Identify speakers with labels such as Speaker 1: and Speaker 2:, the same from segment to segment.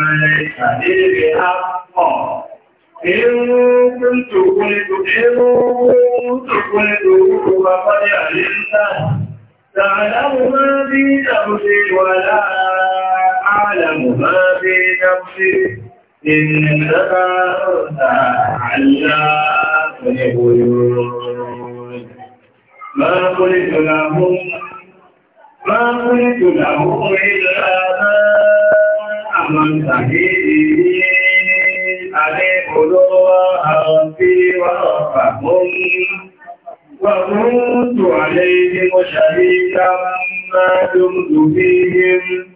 Speaker 1: فليس لي بحق إن كنت قلت إن كنت قلته فقد علمته تعلم ما في نفسي ولا أعلم ما في نفسي إنك أنت علام الغيوب ما قلت لهم ما قلت لهم إلا مستحيل عليه الله في وصفهم وكنت عليهم شهيدا ما دمت فيهم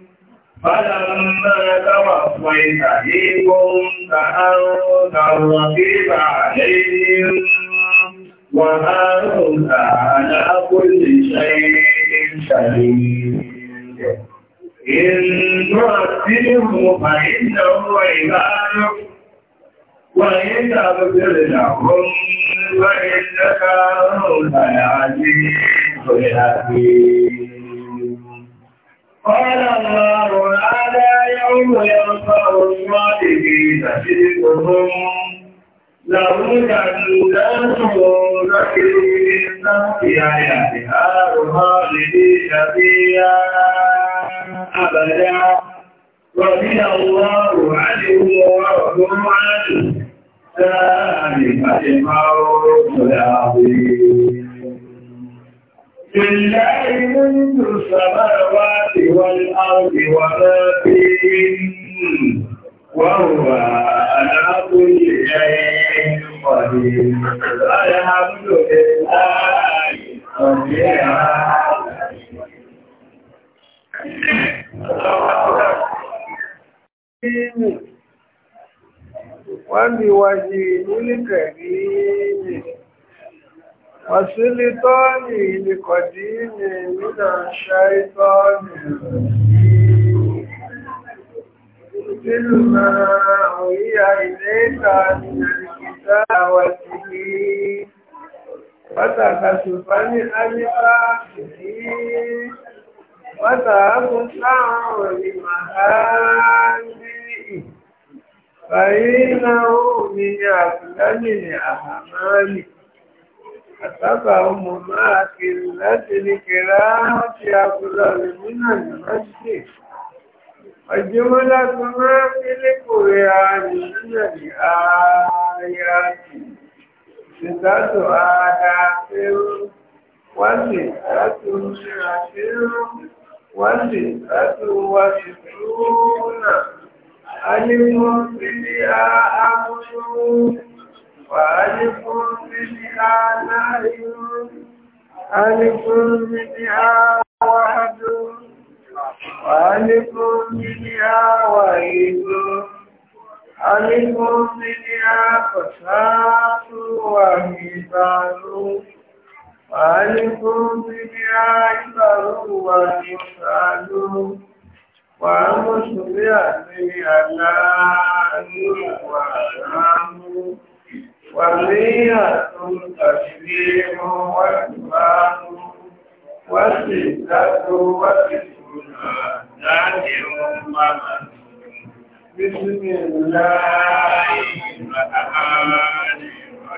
Speaker 1: فلما توفيتني كنت أنت الرقيب عليهم وأنت على كل شيء شهيد إن رسله فإنه عباده وإن أبدل لهم فإنك أنت العزيز الحكيم قال الله هذا يوم يرفع الصادقين صدقهم له جنات تجري من تحتها الأنهار خالدين فيها أبدا رضي الله عنه ورضوا عنه ذلك الموت العظيم لله ملك السماوات والأرض وما فيهن وهو على كل شيء قدير الحمد لله رب العالمين وبوجهه الكريم وسلطانه القديم من الشيطان الرجيم مثل ما أوحي إليك من الكتاب والسنين وتكشفني ألفا به وذهب السعر لمهازئه فإنه من أقلم الأعمال كتبهم مع قلة الكراهة أفضل من المسجد وجملة ما في القرآن من الآيات ستة آلاف وستة مئة والستة وستون ألف بها أمر وألف بها نهي ألف بها وعد وألف بها وعيد ألف بها فساد وميزان وألقوا ببيعك وتسألوا وأمسوا بأهلي ألا وأناموا ومية تسليم وإمام وستة وتسعون ذات ومن بسم الله الرحمن الرحيم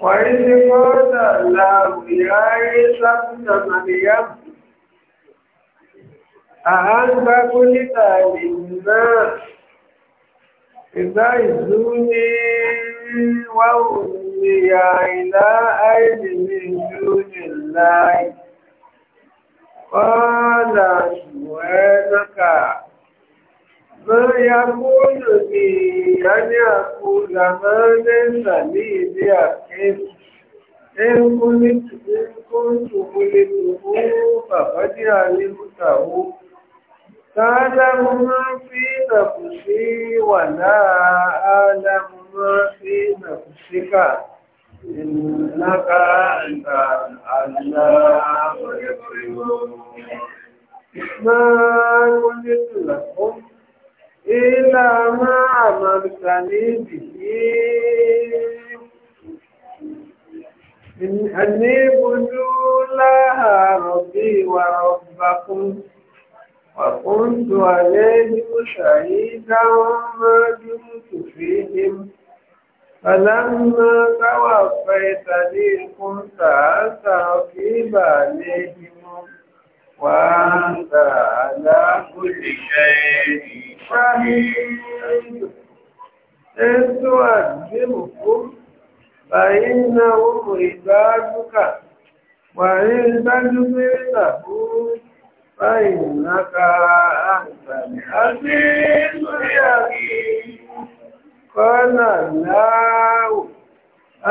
Speaker 1: وإذ قال الله يا عيسى ابن مريم أأنت قلت للناس إذا يزوني وأمي إلى أين من دون الله قال سبحانك ما يكون لي أن أقول ما ليس لي بأكل إن كنت إن كنت قلته فقد علمته
Speaker 2: تعلم ما في
Speaker 1: نفسي ولا أعلم ما في نفسك إنك أنت علام الغيوب ما قلت لكم ilá máa màrùkà níbi Àníbùdú láàárọ̀ bí ìwà ọ̀bàkún, ọ̀kúndù alẹ́ ní òṣàyí dáwọn máa dúró tò fi him. Fàlámà káwà fẹ́ ìtàdé ìkúntà àtàrà kí bà وأنت على كل شيء شهيد إن تعذبهم فإنهم عبادك وإن تجبر لهم فإنك أنت العزيز الحكيم قال الله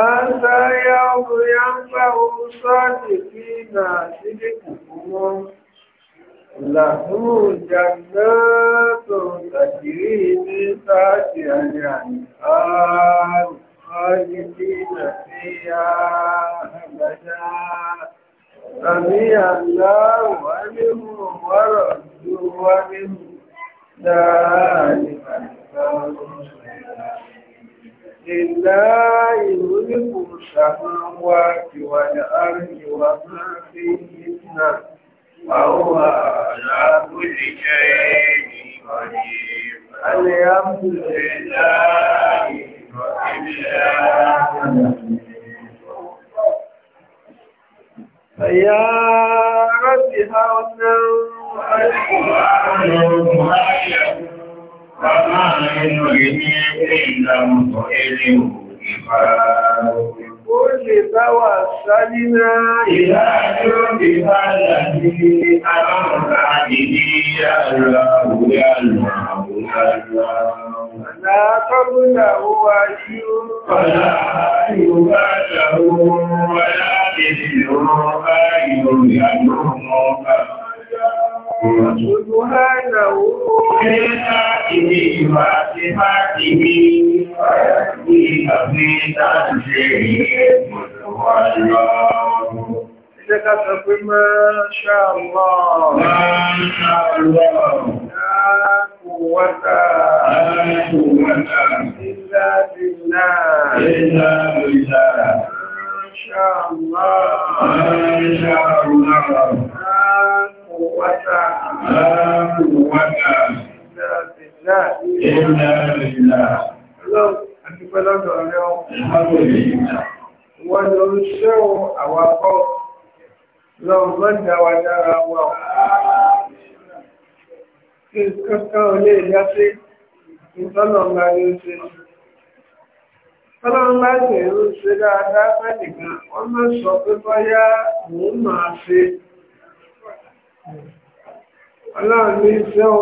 Speaker 1: Àṣà ya ọmọ ya ń bá ohun sọ́ọ̀dì sí ìnà sílé kùkù wọn. Làbúrò jàgbá tó tàbírí ní sáàtì àrẹ àrùn ọ́yí sí ìnà sí Voilà. هو ولي ولا يباله ولا يدل غير ينوم سبحانه لذاته وصفاته ويأتي في تنزيله والله لك تقول ما شاء الله ما شاء الله لا قوة لا قوة إلا بالله إلا بالله ما شاء الله ما شاء الله لا قوة لا قوة إلا بالله إلا بالله الله أكبر لك اليوم الحمد لله ونرسل أواقف لو من ولا أواقف Kí kankan lè yá sí ìtọ́nà ọ̀gá ní ṣe ṣe ọlọ́run bá tẹ̀ ń ṣe dáadáa fẹ́nìkan wọ́n má sọ pé bọ́yá òun máa ṣe ọlọ́run ní iṣẹ́ o.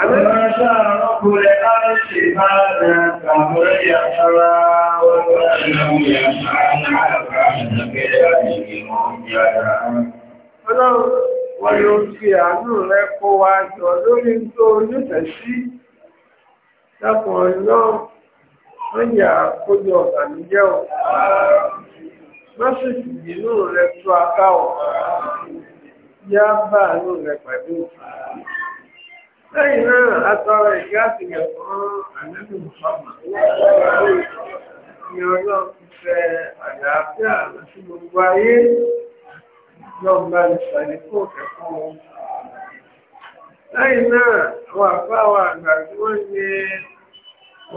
Speaker 1: Àlẹ́mọ̀ṣẹ́ àrọ́kùnrin láti ṣe máa rẹ̀ àgbàmọ́rẹ́ yàtara wọ́n láti lọ́wọ́ yàtara náà àgbà ìdàgbẹ́rẹ́ àti ìgbìmọ̀ yàtara. Ọlọ́run wọ́n ló fi àánú rẹ̀ kó wa jọ lórí tó nífẹ̀ẹ́ sí. Dákùnrin náà mọ́yà kójọ ọ̀tàníyẹ́ ọ̀ mọ́sìkì nínú rẹ̀ tó aká ọ̀ yá bá àánú rẹ̀ pàdé
Speaker 2: lẹ́yìn náà
Speaker 1: atọ́rọ ìgbà ti yẹ fún àlẹ́lù mọ́mà ni ọlọ́run ti fẹ́ àlàáfíà àti gbogbo ayé lọ́gbà ìsàlẹ̀kọ́ kẹ̀kọ́ wọn
Speaker 2: lẹ́yìn náà
Speaker 1: àwọn àbáwọ̀ àgbà tí wọ́n ń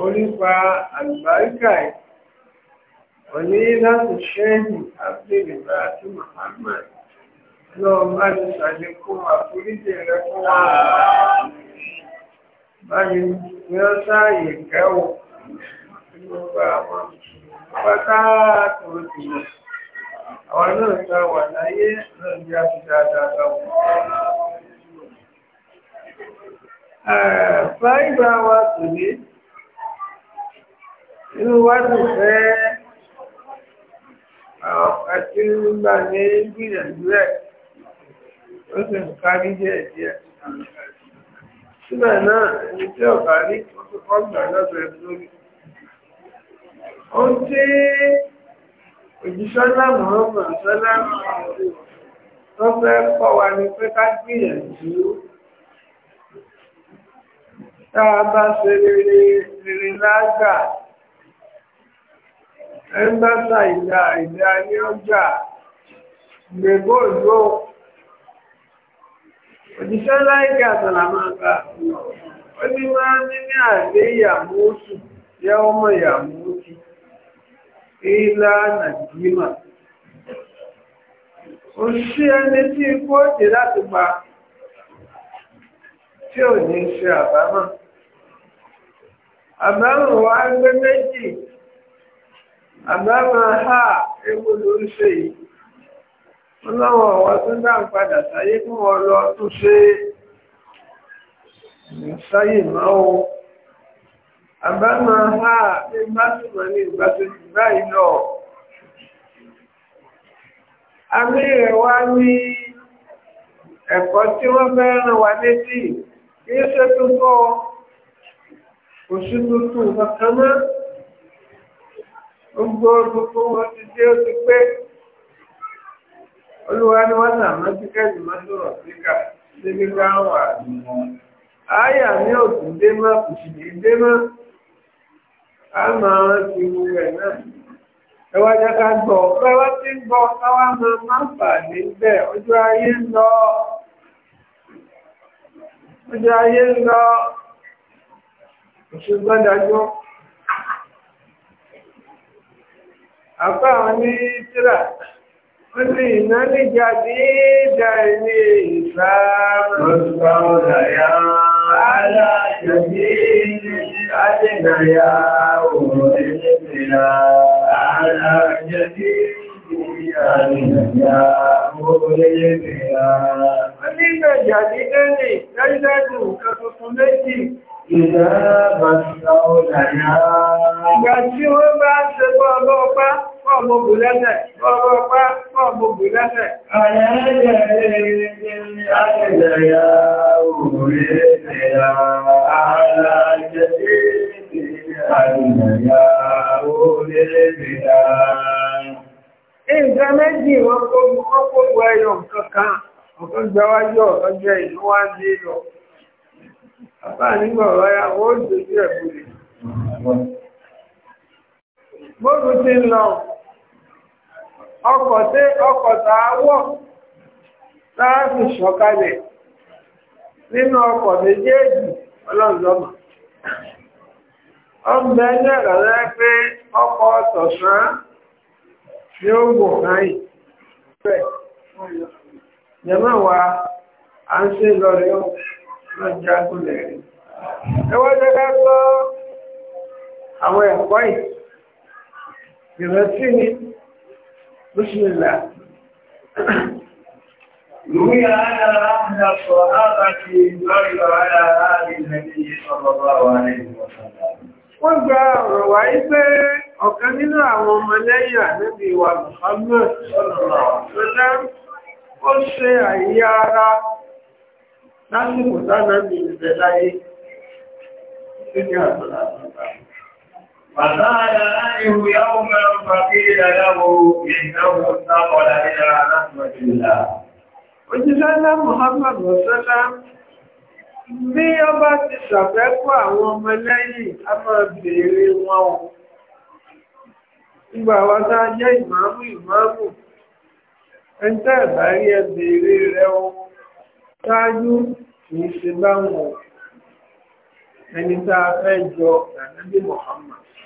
Speaker 1: orípa àlùbáríkà ẹ̀ òní láti ṣẹ́yìn abdulbá àti muhammad lọ́ọ́ bá ti ṣàlékún àforíjì rẹ̀ fún wa báyìí ni wọ́n sáàyè kẹ́wọ̀ gbogbo àwọn pátá tó ti lọ àwọn náà ta wà láyé náà bí a fi dáadáa lọ́wọ́. Fáìbà wa tòlé inú wa dùn fẹ́ àti nígbà ní gbìyànjú ẹ̀ ó sì ń kárí díẹ̀ díẹ̀. síbẹ̀ náà ẹni tí ọ̀gá rí wọ́n fi kọ́ gbà lọ́dọ̀ ẹ̀ lórí. ohun tí òjíṣẹ́ mọ̀ọ́mọ̀ sọ́lá tó fẹ́ kọ́ wa ni pé ká gbìyànjú tá a bá ṣe rere rere lágbàá. ẹgbẹ́ta ìdá ìdá ní ọjà gbègbó òjò òjíṣẹ́ láìka àtàlàmáka ó ní máa ní ní àdé ìyàmú oṣù ọmọ ìyàmú oṣù ìlà nàìjíríà ó sí ẹni tí ikú òjì láti pa tí ò ní ṣe àbámọ̀ àbámọ̀ wá gbé méjì àbámọ̀ ha ewu ló ń ṣe yìí ọlọ́wọ́ ọ̀wọ́ tó dá ń padà sáyé fún wọn lọ tó ṣe sáyé máa o àbámọ̀ ha ní gbásùmọ̀ ní ìgbàsójú báyìí lọ àmì rẹ̀ wá ní ẹ̀kọ́ tí wọ́n fẹ́ ràn wá létí kí ó ṣe tuntun kò sí tuntun kankan náà. gbogbo gbogbo wọn ti dé ó ti pé olúwa ni wọn nà mọ tíkẹ́ẹ̀tì máa sọ̀rọ̀ síkà síbi káwọn àdúgbò àyà mi a máa ti wu ẹ̀ náà ẹ wá jẹ́ ká gbọ́ ti ń gbọ́ máa má àpá àwọn ní tíra wọ́n ní iná níjà dídá ilé ìfà lọ́sọ̀ọ́dà yá alájọ̀dé adénáyà òun ẹlẹ́tẹ̀lá alájọ̀dé adénáyà òun ẹlẹ́tẹ̀lá. wọ́n ní ìgbàjà dídá ní dájúdájú nǹkan tuntun méjì.
Speaker 2: Ìgbà tí
Speaker 1: wọ́n bá ń ṣe bọ́ ọlọ́pàá náà mo bù lẹ́sẹ̀, bọ́ọ̀bọ́ pẹ́ náà mo bù lẹ́sẹ̀. Ìjọ méjì wọ́n kó gbogbo ẹyọ kankan, ọ̀kan gbẹwájú ọ̀tọ́jẹ́ ìlú wá dé lọ. Àbá nígbà ọ̀rọ̀ ó dojú ẹ̀kú rẹ̀. Mọ́rún ti ń lọ, ọkọ̀ sí ọkọ̀ tààwọ̀ láàbù ṣọ̀kalẹ̀ nínú ọkọ̀ méjèèjì ọlọ́ọ̀lọ́mà ọmọ ẹgbẹ́ rẹ̀ pé ọkọ̀ tọ̀sán ni ó gbò káyìn rẹ̀ jẹ́mọ́ wa à ń ṣe lọ́rẹ̀ ó lọ́jà بسم الله روي على أهل الصحابة الغيب على آل النبي صلى الله wọ́n gba ọ̀rọ̀ wá ipé ọ̀kan nínú àwọn ọmọ lẹ́yìn wa Muhammad ó ṣe àyíyá ara láyé فقال أنه يوما فقيل له إنه انتقل إلى رحمة الله Òjíṣẹ́lá Muhammad Mọ̀sọ́lá bí ó bá ti ṣàfẹ́kù àwọn ọmọ lẹ́yìn a máa bèèrè wọn o. Ìgbà wa tá a jẹ́ ìmáàmù ìmáàmù, ẹni tẹ́ ẹ̀bá rí ẹ bèèrè rẹ o. Ṣáájú kìí ṣe báwọn ẹni tá fẹ́ jọ Nànábì Mọ̀hámà.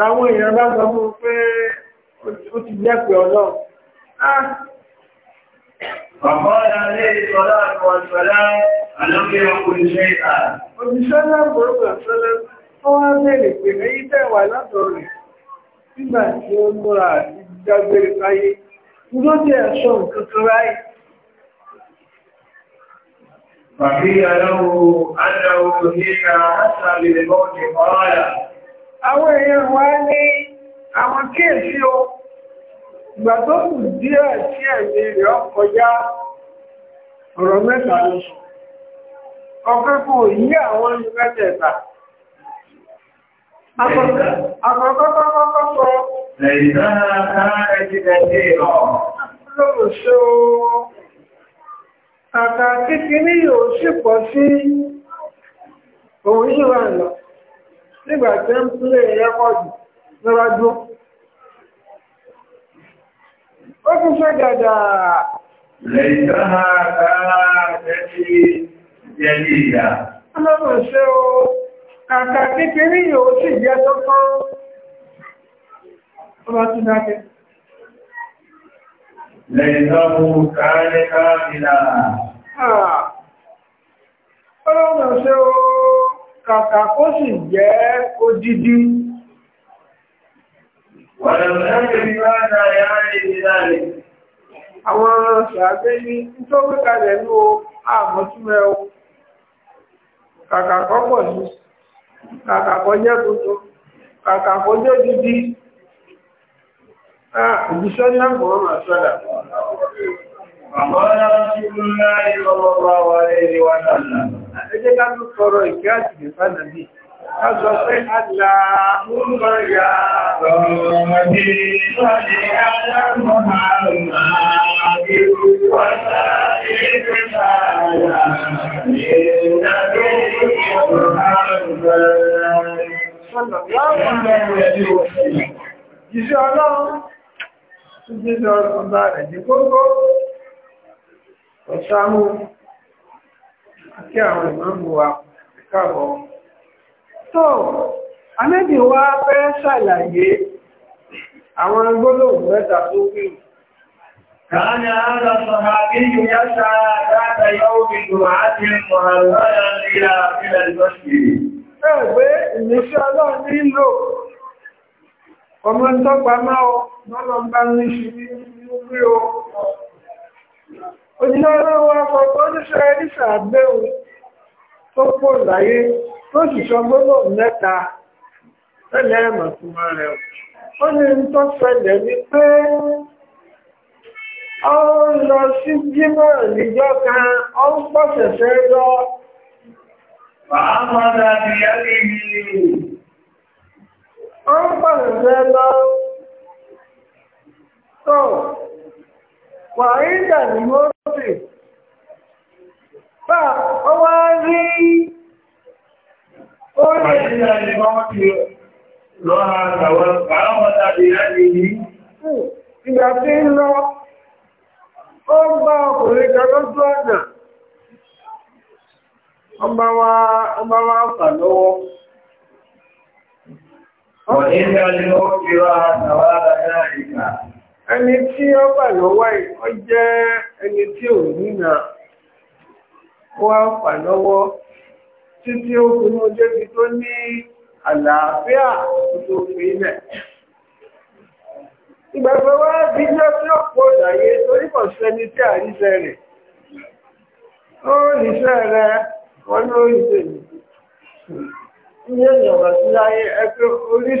Speaker 1: láwọn èèyàn bá sọ fún pé ó ti jẹ́pẹ̀ ọlọ́run. Ah! Òjíṣẹ́ náà bọ̀rọ̀ sọ́lẹ́ tó wá bèèrè pé èyí tẹ́wà látọ̀ rẹ̀ nígbà tí ó múra àti dágbére káyé. Ló jẹ́ ẹ̀ṣọ́ nǹkan tó ráyìí. Bàbí àlọ́wọ́ àdáwọ̀ ní ìrà àṣà lè mọ́ àwọn èèyàn wá ní àwọn kíèsí o ìgbà tó kù díẹ̀ sí ẹ̀mí rẹ̀ ọkọjá ọ̀rọ̀ mẹ́ta ló sọ ọ̀pẹ́ yí àwọn mẹ́tẹ̀ẹ̀ta akọ̀kọ́kọ́kọ́ sọ ní yóò sì pọ̀ sí òun yíwa nígbà tí ń pílé rẹ́kọ̀dì lọ́wọ́ dúró. ó tún ṣe dàdà. lẹ́yìn tó máa kára tẹ́lí yẹlí ìyá. ọlọ́run ṣe o kàkà kékeré yìí ó sì jẹ́ tó kán. ọba tún dákẹ́. Ah. ṣe o. kàkà kó sì jẹ́ òjìdí Àwọn ṣàgbé ní tó gbé kalẹ̀ ní o, àmọ́túnmẹ́ o, kàkà kọ́ pọ̀ sí, kàkà kọ́ jẹ́ tuntun, kàkà kọ́ jẹ́ dídí, ní àmọ́ràn àṣọ́dà. Àwọn ọ̀rọ̀ sí ẹjẹ́ ká ló sọ̀rọ̀ ìkẹ́ àti ìfẹ́ nàbí ká sọ pé àlà ọmọ ya ọ̀rọ̀ ní ìwádìí aláàmọ́ àrùn àbí wọ́ta ìgbẹ́ sáàyà ìrìnàjò ìwọ̀n àrùn Ìṣẹ́ ọlọ́run ti jíjọ ọ̀sán bá rẹ̀ jí kókó, ọ̀sán mú àti àwọn ìmọ̀mù wa káàbọ̀. tó anábì wa fẹ́ ṣàlàyé àwọn gbólóhùn mẹ́ta tó wí. كان هذا الصحابي يسعى ذات يوم جمعة مهرجا إلى إلى المسجد. ẹgbẹ́ ìníṣẹ́ ọlọ́run nílò ọmọ ń tọ́gbà máa ọ lọ́lọ́ ń bá ní ṣe ní orí o òjìlọ́rọ̀ wa kọ̀ọ̀kọ́ ní sẹ́ẹ̀lìsà gbẹ̀wò tó pọ̀ láyé tó sì sọ gbọ́nà mẹ́ta tẹ́lẹ̀ ẹ̀mọ̀ tó máa rẹ̀ ó ní ń tọ́ ṣẹlẹ̀ ní pé ó ń lọ sí jímọ̀ níjọ́ kan ó ń pọ̀sẹ̀sẹ̀ lọ ó ń pọ̀sẹ̀sẹ̀ lọ tó wà ń dà ní mọ́ sì bá ọ wá rí orí ìrìnà ha ti lọ́ra àwọn àwọn tàbí láti yìí ìgbà tí ń lọ Wọ̀nyí ha ọdún ó kí wá àtàwà àdáyà ìgbà. ẹni tí ó bà lọ́wọ́ ẹ̀ ó jẹ́ ẹni tí ò nínà wá fà lọ́wọ́ títí ó fi mú débi tó ní àlàáfíà tó fi ilẹ̀. Ìgbàgbọ́ wá bí jẹ́ tí ó pọ̀ ìdàyé torí tí rẹ̀. Ó ríṣẹ́ rẹ̀ wọ́n ló rí Ní sí ẹgbẹ́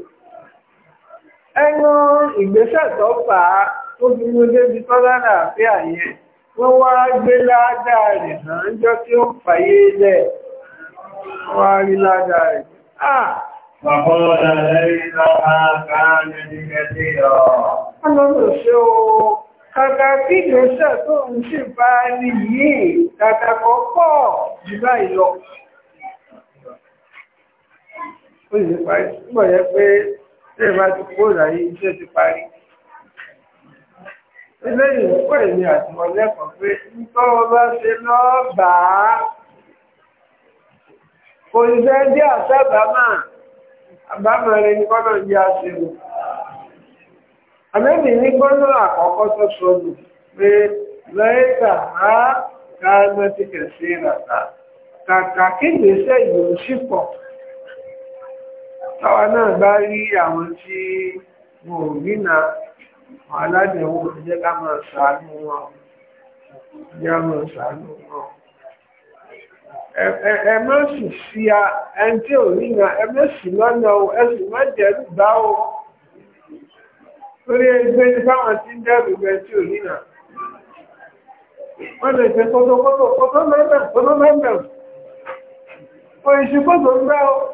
Speaker 1: ẹnu ìgbésẹ̀ tó fà á tó fi mú débi tọ́lá làáfíà yẹn wọ́n wá gbé ládàá rẹ̀ náà ń jọ tí ó fàyé lẹ̀ wá rí ládàá rẹ̀. Ọ̀pọ̀lọpọ̀ lẹ́yìn lọ́pàá káà ní ẹgbẹ́ tí ó kàkà kí ìgbésẹ̀ tó ń ṣe bá ní yìí kàkà kọ́kọ́ jù báyìí lọ. Ó sì parí sígbọ̀ yẹ pé ṣé ìbá ti kó ìlàyé iṣẹ́ ti parí. eléyìí ń pè mí àtìmọ́ lẹ́kọ̀ọ́ pé nítorí wọn bá ṣe lọ́ọ́ a kò ní fẹ́ jẹ́ àtàbámà àbámà ní kọ́nà jẹ́ àṣírò. àmẹ́bì ní gbọ́nà àkọ́kọ́ tó sọ́nù pé lẹ́ẹ̀kà á kẹ̀sí kàkà kí sí pọ̀. táwa náà bá rí àwọn tí wọn ò rínà àwọn aládẹ̀wò jẹ́ ká máa ṣàánú wọn jẹ́ ká máa wọn ẹ má sì sí a ẹni tí ò ẹ má sì lọ́nà o ẹ sì má bá o torí ẹgbẹ́ ní báwọn ti ń dẹ̀rù bẹ tí ò rínà wọ́n o.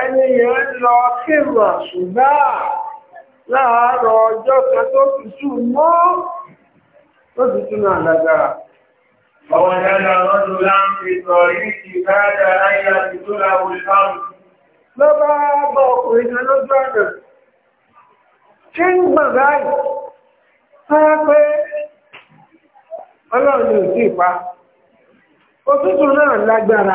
Speaker 1: ẹni yẹn lọ kírùn àṣùgbà láàárọ̀ ọjọ́ kan tó tutù mọ́ tó tutù náà lágbára. Ọwọ́ ìdájọ́ ọdún láńpì sọ yìí ti káàdà ayé àti tó láwọ ìfáàmù. Lọ bá bọ́ ọkùnrin náà lójú ọ̀nà. Ṣé ń gbọ̀n báyìí? Sáà pé ọlọ́run ò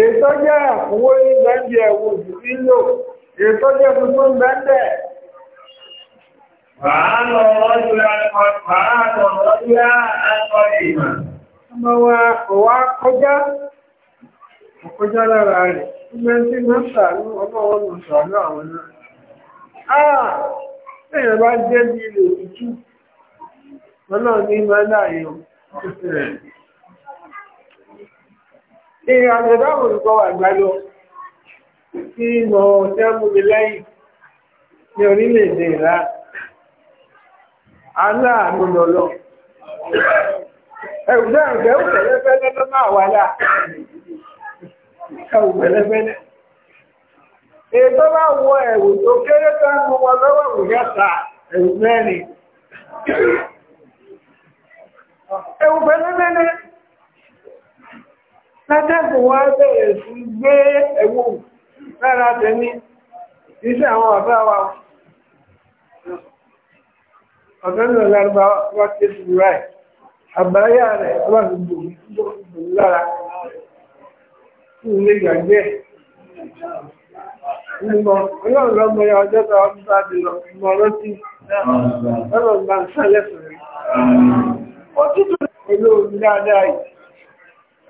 Speaker 1: ètò jẹ́ àkúwó ìgbẹ́ndì ẹ̀wò ìlò ètò jẹ́ tuntun gbẹ́ndẹ̀ Fàánà ọjọ́ àkọ́ wa wá kọjá, ọkọjá lára rẹ̀, ilẹ̀ tí mọ́ sàánú ọmọ ọmọ sàánú àwọn náà. Àà, ẹ̀yẹ̀ bá jẹ́ ní àjọ̀dáwò nǹkan àgbà tí mọ̀ tẹ́mùmí lẹ́yìn ní orílẹ̀-èdè ìlà aláàánú lọ́lọ́ ẹ̀rùdẹ́ ẹ̀rùdẹ́ ó pẹ̀lẹ́fẹ́lẹ́ ló máa wà láà ẹ̀rù pẹ̀lẹ́fẹ́lẹ́ látẹ́kùn wá bẹ̀rẹ̀ sí gbé ẹ̀wò lára tẹ̀mí iṣẹ́ àwọn ọ̀fẹ́ wa ọ̀fẹ́ náà lárúbá wá ké sí ráì àbáyá rẹ̀ wà ní gbòmí lára ilé ìgbàgbé Ìgbìmọ̀ ọlọ́run lọ́mọ ya ọjọ́ tó ọdún bá ti lọ, ọlọ́run bá ń sálẹ̀ fún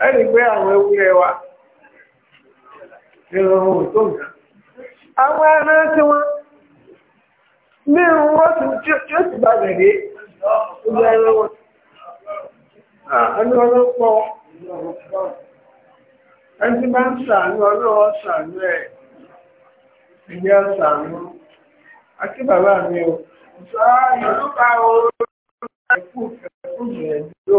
Speaker 1: ẹni pé àwọn ewúrẹ́ wa ohun tó nǹkan àwọn tí wọ́n ní wọ́n ti tí ó ti bá gẹ̀dẹ̀ ìgbà ẹran wọn àánú ọlọ́pọ̀ ẹni tí bá ń sàánú ọlọ́wọ́ sàánú ẹ̀ sàánú àti bàbá mi o ìlú bá ẹ̀kú ẹ̀kú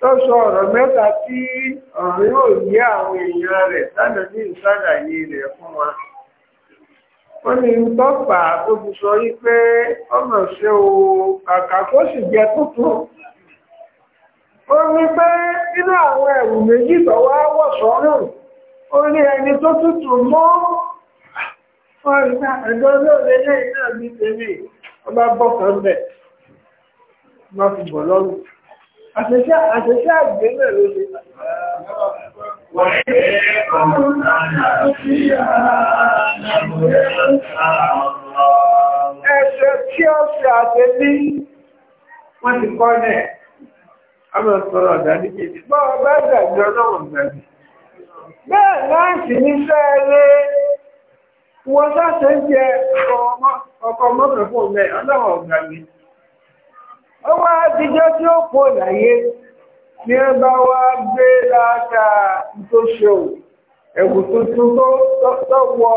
Speaker 1: tó sọ ọ̀rọ̀ mẹ́ta tí ọ̀rọ̀ yóò yé àwọn èèyàn rẹ̀ lánàá ní ìsàlàyé rẹ̀ fún wa. ó ní ń tọ́pà ó ti sọ yí pé ọmọ ṣe o kàkà kó sì jẹ tuntun. ó ní pé nínú àwọn ẹ̀rù méjì tó wọ̀ sọ́rùn ó ní ẹni tó tútù mọ́ ẹ̀dọ́ lóore lẹ́yìn náà ní tèmi ọba bọ́kàn bẹ̀ má fi bọ̀ lọ́rùn àṣẹṣẹ́ àṣẹṣẹ́ àgbẹ̀ náà ló Ẹ̀ṣẹ̀ tí ó ṣe àṣẹ wọ́n ti kọ́ nẹ̀, a Bẹ́ẹ̀ náà sì ní sẹ́ẹ̀lẹ́ wọ́n sáṣẹ́ jẹ ọkọ̀ mọ́kànfún mẹ́ ọlọ́wọ̀ gbàjì ó wá dijọ́ tí ó pò láyé ní ẹ bá wá gbé látàá tó ṣe ò ẹ̀wù tuntun tó wọ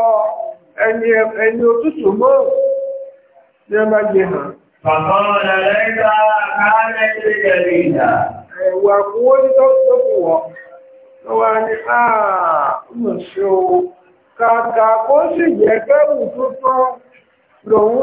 Speaker 1: ẹni òtútù mọ́ ní ẹ bá hàn. Bàbá ọ̀nà lẹ́gbà káàlẹ̀ ẹ̀rí ìdá. Ẹ̀wà kúwó ní tó tó wọ́. Lọ́wọ́ ni àà ń ṣe o. Kàkà kó sì jẹ́ kẹ́wù tuntun lòun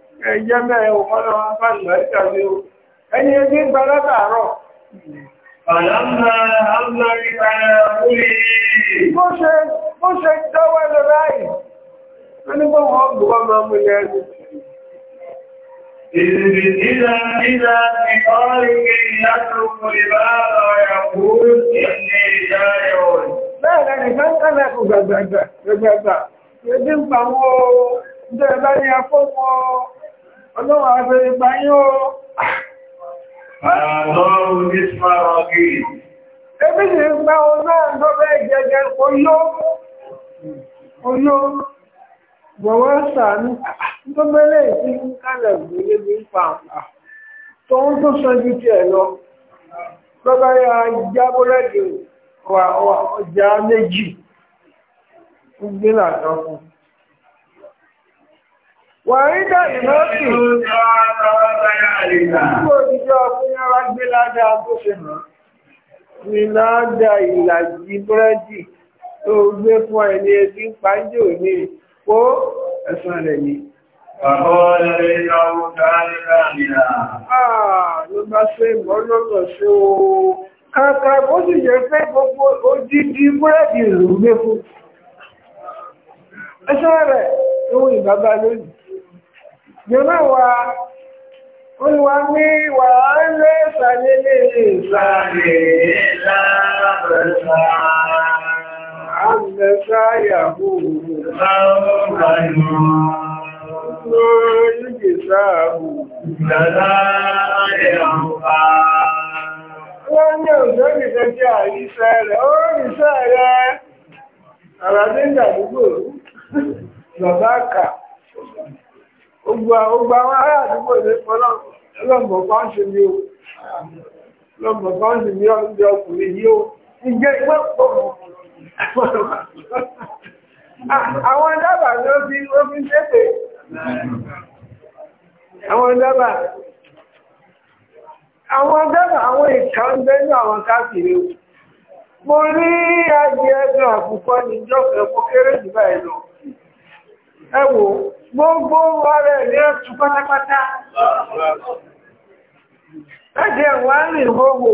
Speaker 1: ẹ̀yẹ́ mẹ́rin ọmọ náà bá lọ ìjàmí o ẹni ẹgbẹ́ ìgbà látàárọ̀ Bó ṣe dáwọ́ ya ráyìí, wọ́n ní bọ́ wọ́n gbọ́ máa mú ilẹ̀ ẹni. إذا إذا في طارق يترك الباب ويقول ọlọ́wọ́ àgbẹ̀ ìgbà yóò Àlọ́run ní Smaragi. Ebí ni gba ọ̀nà lọ́bẹ̀ jẹjẹ oló, oló, bọ̀wọ́ sàánú, tó mẹ́lẹ̀ tí ń kálẹ̀ gbèrè bí pa tó ń tó sọ́jú tí ẹ̀ lọ. Lọ́bá ya jábọ́lẹ́dì wà ọjà méjì, ń gbé làtọ́ fún. Wàrídà ìmọ́sí, ó ti jọ ọkùnrin búrẹ́dì tó gbé fún ẹni ẹbí pàájò ní ó ẹ̀sùn rẹ̀ ni. Ah, Kàkà bó sì jẹ́ pé gbogbo odidi búrẹ́dì ìlú gbé fún. Ẹṣẹ́ rẹ̀ tó jẹ́mọ́ wa olùwà ní wà á ìsàlẹ̀ lè ìsàlẹ̀ lábẹ̀sà àbẹ̀sà yàwó láwọ́gbàlù lóríjìsà rẹ̀, ó ìṣẹ́ rẹ̀, àràdíńdà dúgbò, lọ̀bá kà. Ogba ogba wa ará fi ó fi ṣépè. Àwọn dábàá. Àwọn dábàá àwọn ìka ń bẹ́ ní àwọn káàkiri Mo rí ajé ẹgbẹ́ àkùkọ níjọ́ ẹ̀kọ́ kéré jù báyìí lọ. ẹwò gbogbo ọrẹ rẹ̀ tún pátápátá láti ẹ̀wọ̀n àrìn gbogbo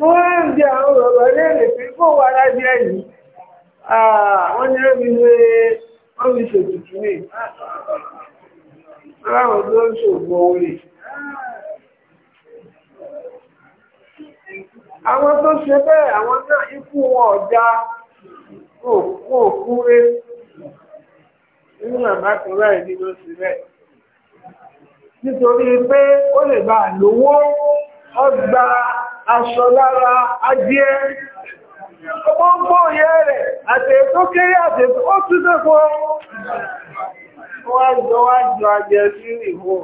Speaker 1: wọ́n bí àwọn ọ̀rọ̀ lẹ́rẹ̀ kó wà láti ẹ̀yìn ní láwọn àwọn tó ṣe àwọn náà ikú wọn nínú àbá kan báyìí ni ló ṣe bẹ́ẹ̀ nítorí pé ó lè bá lówó ọgbà aṣọ lára ajé ọmọ ń bọ́ òyẹ́ rẹ̀ àtẹ̀ẹ́tó kéré àtẹ̀ẹ́tó ó tún dẹ́kọ́ wọ́n jọ wá jọ ajẹ́ sí ìwò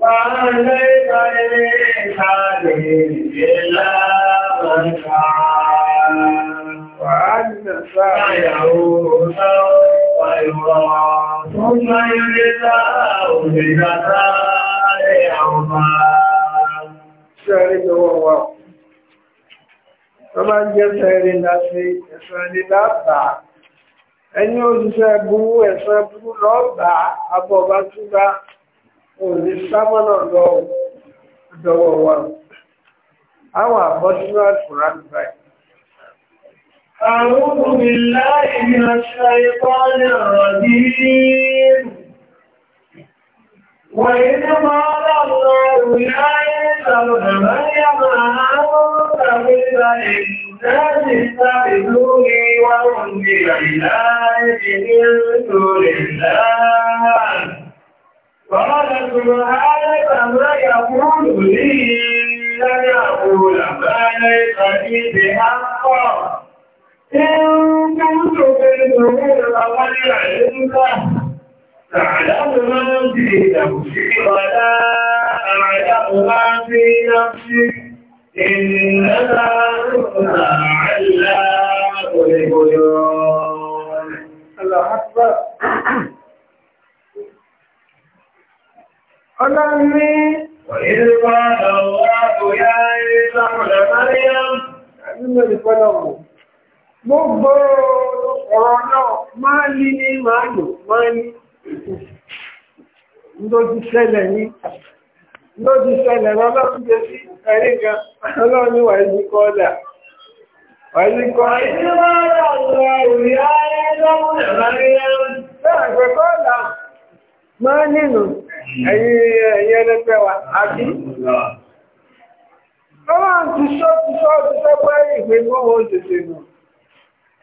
Speaker 1: Wàhálà sáà ìyàwó sáà خيرا ثم يجزاه بجزاء عظما شاهد وهو Ọba jẹ́ sẹ́rin òní sámọ́nà lọ́wọ́ wa. Àwọn àbọ́sínú àkùrá أعوذ بالله من الشيطان الرجيم وإذ قال الله يا عيسى ابن مريم أنت قلت الناس اتخذوني وأمي إلهي من دون الله قال سبحانك ما يقول لي لن أقول ما ليس لي بحق إن كنت تريدون الأول علمك تعلم ما في نفسي ولا أعلم ما في نفسك إنما أنت علام الغيوب الله أكبر أمامي وإذ قال الله يا عيسى ابن مريم Gbogbo ọ̀rọ̀ náà máa lí ní máa lò máa ní lójú ní lójú ṣẹlẹ̀ sí ẹ̀rí kan ọlọ́run ní wàí sí kọ́ọ̀dà. Wàí Ọlọ́run ti sọ́ ti sọ́ ti sọ́ pẹ́ ìgbégbó wọn ṣèṣe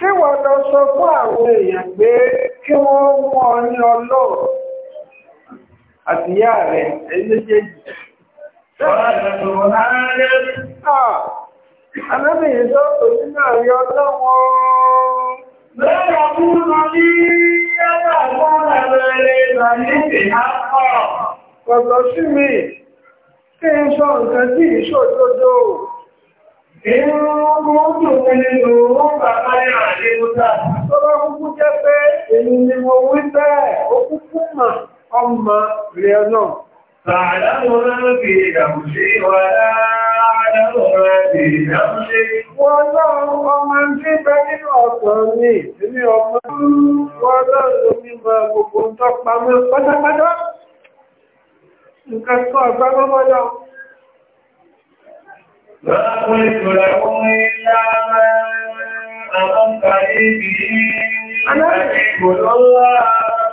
Speaker 1: Ṣé wọ́n lọ sọ fún àwọn èèyàn pé kí wọ́n mú ọ ní ọlọ́ọ̀ àtìyá rẹ̀ ẹlẹ́jẹ̀jì? Ah, Àlẹ́bìnrin tó kò sí náà rí ọlọ́wọ́ lọ́rọ̀ fún lọ ní ẹgbà fún ẹgbẹ̀rẹ̀ ìgbà ní ìhàkọ́. Kọ̀tọ̀ sí mi, kí ń sọ nǹkan tí ìṣòdodo. Inú ọdún mi lò ó bàbá yà lè múta. Tọ́lá kúkú jẹ́ pé èyí ni mo wí bẹ́ẹ̀, ó kúkú mà ọmọ rẹ̀ náà. Tààdá mo rán bí ìdàmù sí wà láàárá mo rán bí ìdàmù sí. Wọ́n lọ́rùn ọmọ ń gbé bẹ́ nínú ọ̀sán ní ìdílé ọmọ. Wọ́n lọ́rùn omi mọ gbogbo ń tọ́pamọ́ pátápátá. Nǹkan kan ọ̀gbá mọ́mọ́ náà. Àwọn ìgbòrò ọmọ ilẹ̀